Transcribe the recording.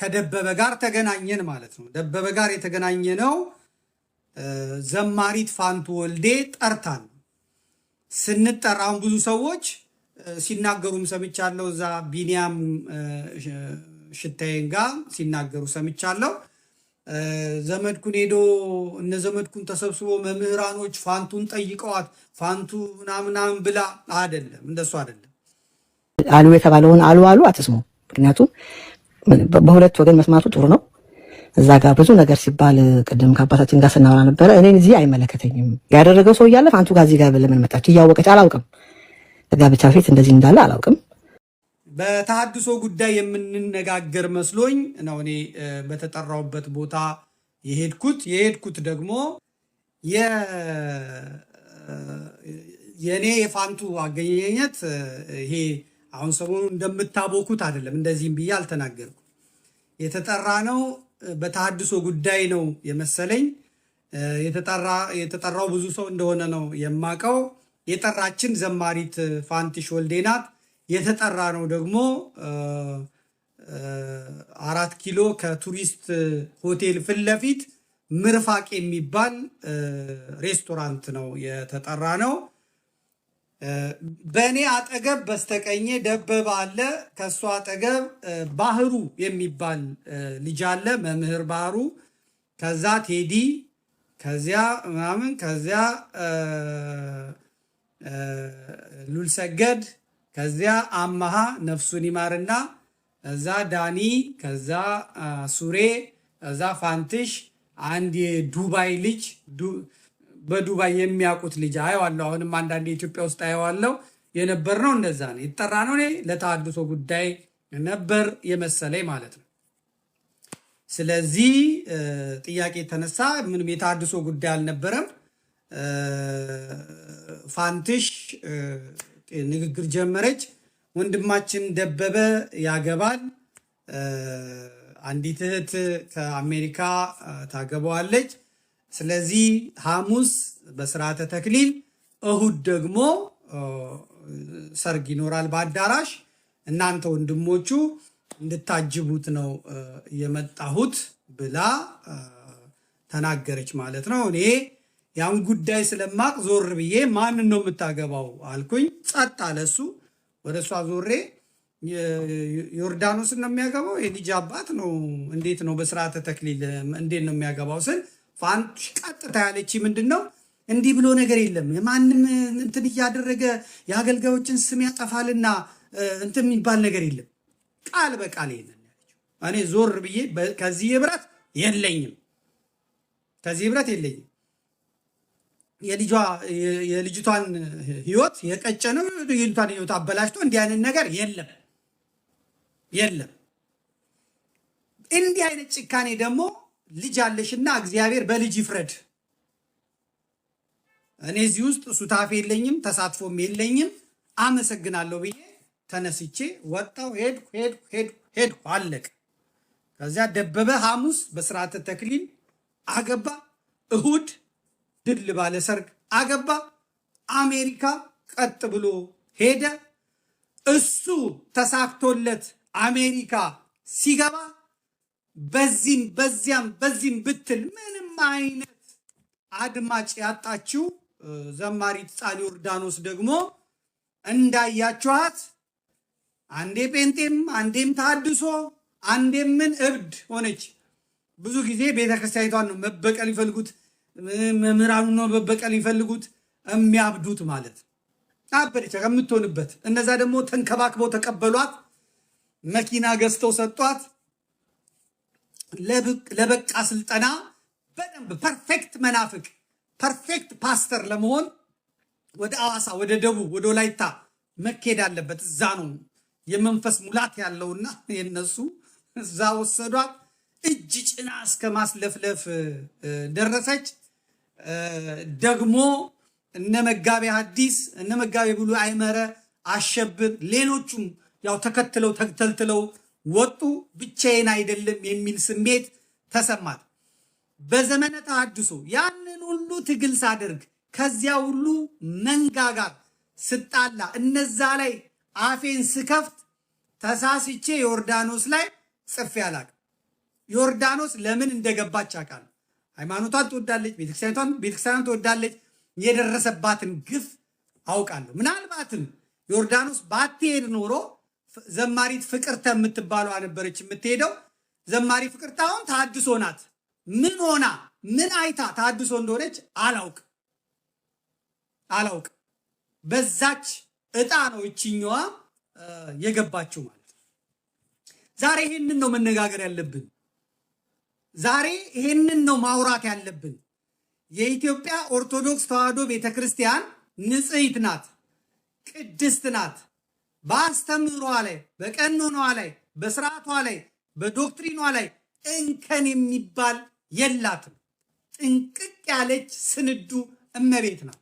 ከደበበ ጋር ተገናኘን ማለት ነው። ደበበ ጋር የተገናኘ ነው። ዘማሪት ፋንቱ ወልዴ ጠርታን ስንጠራ ብዙ ሰዎች ሲናገሩም ሰምቻለሁ። እዛ ቢኒያም ሽታዬን ጋር ሲናገሩ ሰምቻለሁ። ዘመድኩን ሄዶ እነ ዘመድኩን ተሰብስቦ መምህራኖች ፋንቱን ጠይቀዋት ፋንቱ ምናምናም ብላ አይደለም፣ እንደሱ አደለም። አሉ የተባለውን አሉ አሉ አትስሙ። ምክንያቱም በሁለት ወገን መስማቱ ጥሩ ነው። እዛ ጋር ብዙ ነገር ሲባል ቅድም ከአባታችን ጋር ስናወራ ነበረ። እኔን እዚህ አይመለከተኝም ያደረገው ሰው እያለፍ አንቱ ጋር እዚህ ጋር ለምን መጣች እያወቀች አላውቅም። ጋብቻ ፊት እንደዚህ እንዳለ አላውቅም። በተሃድሶ ጉዳይ የምንነጋገር መስሎኝ ነው እኔ በተጠራውበት ቦታ የሄድኩት። የሄድኩት ደግሞ የእኔ የፋንቱ አገኘኘት ይሄ አሁን ሰሞኑ እንደምታቦኩት አይደለም። እንደዚህም ብዬ አልተናገርኩ የተጠራ ነው በተሃድሶ ጉዳይ ነው የመሰለኝ። የተጠራው ብዙ ሰው እንደሆነ ነው የማቀው። የጠራችን ዘማሪት ፋንቲሽ ወልዴ ናት። የተጠራ ነው ደግሞ አራት ኪሎ ከቱሪስት ሆቴል ፊት ለፊት ምርፋቅ የሚባል ሬስቶራንት ነው የተጠራ ነው። በእኔ አጠገብ በስተቀኜ ደበበ አለ። ከእሱ አጠገብ ባህሩ የሚባል ልጅ አለ፣ መምህር ባህሩ። ከዛ ቴዲ፣ ከዚያ ምናምን፣ ከዚያ ሉልሰገድ፣ ከዚያ አመሃ ነፍሱን ይማርና እዛ ዳኒ፣ ከዛ ሱሬ፣ እዛ ፋንትሽ፣ አንድ የዱባይ ልጅ በዱባይ የሚያውቁት ልጅ አየዋለሁ። አሁንም አንዳንድ የኢትዮጵያ ውስጥ አየዋለሁ። የነበር ነው እንደዛ ነው የተጠራ ነው። እኔ ለተሃድሶ ጉዳይ ነበር የመሰለኝ ማለት ነው። ስለዚህ ጥያቄ የተነሳ ምንም የተሃድሶ ጉዳይ አልነበረም። ፋንትሽ ንግግር ጀመረች። ወንድማችን ደበበ ያገባል። አንዲት እህት ከአሜሪካ ታገባዋለች። ስለዚህ ሐሙስ በስርዓተ ተክሊል፣ እሁድ ደግሞ ሰርግ ይኖራል በአዳራሽ። እናንተ ወንድሞቹ እንድታጅቡት ነው የመጣሁት ብላ ተናገረች ማለት ነው። እኔ ያን ጉዳይ ስለማቅ ዞር ብዬ ማንን ነው የምታገባው አልኩኝ። ጸጥ አለሱ ወደ እሷ ዞሬ ዮርዳኖስን ነው የሚያገባው የልጅ አባት ነው እንዴት ነው በስርዓተ ተክሊል እንዴት ነው የሚያገባው ስል ፋንቱ ቀጥታ ያለች ምንድን ነው እንዲህ ብሎ ነገር የለም። ማንም እንትን እያደረገ የአገልጋዮችን ስም ያጠፋልና እንትን የሚባል ነገር የለም። ቃል በቃል የለም። እኔ ዞር ብዬ ከዚህ ህብረት የለኝም፣ ከዚህ ህብረት የለኝም። የልጅቷን ህይወት የቀጨንም የልጅቷን ህይወት አበላሽቶ እንዲህ አይነት ነገር የለም የለም። እንዲህ አይነት ጭካኔ ደግሞ ልጅ አለሽና እግዚአብሔር በልጅ ይፍረድ። እኔ እዚህ ውስጥ ሱታፍ የለኝም፣ ተሳትፎም የለኝም። አመሰግናለሁ ብዬ ተነስቼ ወጣው። ሄድኩ ሄድኩ ሄድኩ ሄድኩ አለቅ። ከዚያ ደበበ ሐሙስ በስርዓተ ተክሊል አገባ። እሁድ ድል ባለ ሰርግ አገባ። አሜሪካ ቀጥ ብሎ ሄደ። እሱ ተሳክቶለት አሜሪካ ሲገባ በዚህም በዚያም በዚህም ብትል ምንም አይነት አድማጭ ያጣችው ዘማሪት ጻሊ ዮርዳኖስ ደግሞ እንዳያችኋት አንዴ ጴንጤም አንዴም ታድሶ አንዴም ምን እብድ ሆነች። ብዙ ጊዜ ቤተክርስቲያኒቷን ነው መበቀል ይፈልጉት፣ መምህራኑ ነው መበቀል ይፈልጉት፣ የሚያብዱት ማለት አበደች ከምትሆንበት። እነዛ ደግሞ ተንከባክበው ተቀበሏት፣ መኪና ገዝተው ሰጧት። ለበቃ ስልጠና በደንብ ፐርፌክት መናፍቅ ፐርፌክት ፓስተር ለመሆን ወደ አዋሳ፣ ወደ ደቡብ፣ ወደ ወላይታ መኬድ አለበት። እዛ ነው የመንፈስ ሙላት ያለውና የነሱ እዛ ወሰዷት። እጅ ጭና እስከ ማስለፍለፍ ደረሰች። ደግሞ እነ መጋቤ ሐዲስ እነ መጋቤ ብሉይ አይመረ አሸብር ሌሎቹም ያው ተከትለው ተተልትለው ወጡ ብቻዬን አይደለም የሚል ስሜት ተሰማት። በዘመነ ተሐድሶ ያንን ሁሉ ትግል ሳደርግ ከዚያ ሁሉ መንጋጋት ስጣላ እነዛ ላይ አፌን ስከፍት ተሳስቼ ዮርዳኖስ ላይ ጽፌ አላቅም። ዮርዳኖስ ለምን እንደገባች አቃል ሃይማኖቷን ትወዳለች፣ ቤተክርስቲያኗን ትወዳለች። የደረሰባትን ግፍ አውቃለሁ። ምናልባትም ዮርዳኖስ ባትሄድ ኖሮ ዘማሪት ፍቅርተ የምትባለዋ ነበረች የምትሄደው። ዘማሪ ፍቅርተ አሁን ታድሶ ናት። ምን ሆና ምን አይታ ታድሶ እንደሆነች አላውቅ አላውቅ። በዛች እጣ ነው ይችኛዋ የገባችው ማለት ነው። ዛሬ ይሄንን ነው መነጋገር ያለብን። ዛሬ ይሄንን ነው ማውራት ያለብን። የኢትዮጵያ ኦርቶዶክስ ተዋህዶ ቤተክርስቲያን ንጽሕት ናት፣ ቅድስት ናት። በአስተምህሯ ላይ በቀኖኗ ላይ በስርዓቷ ላይ በዶክትሪኗ ላይ እንከን የሚባል የላትም። ጥንቅቅ ያለች ስንዱ እመቤት ናት።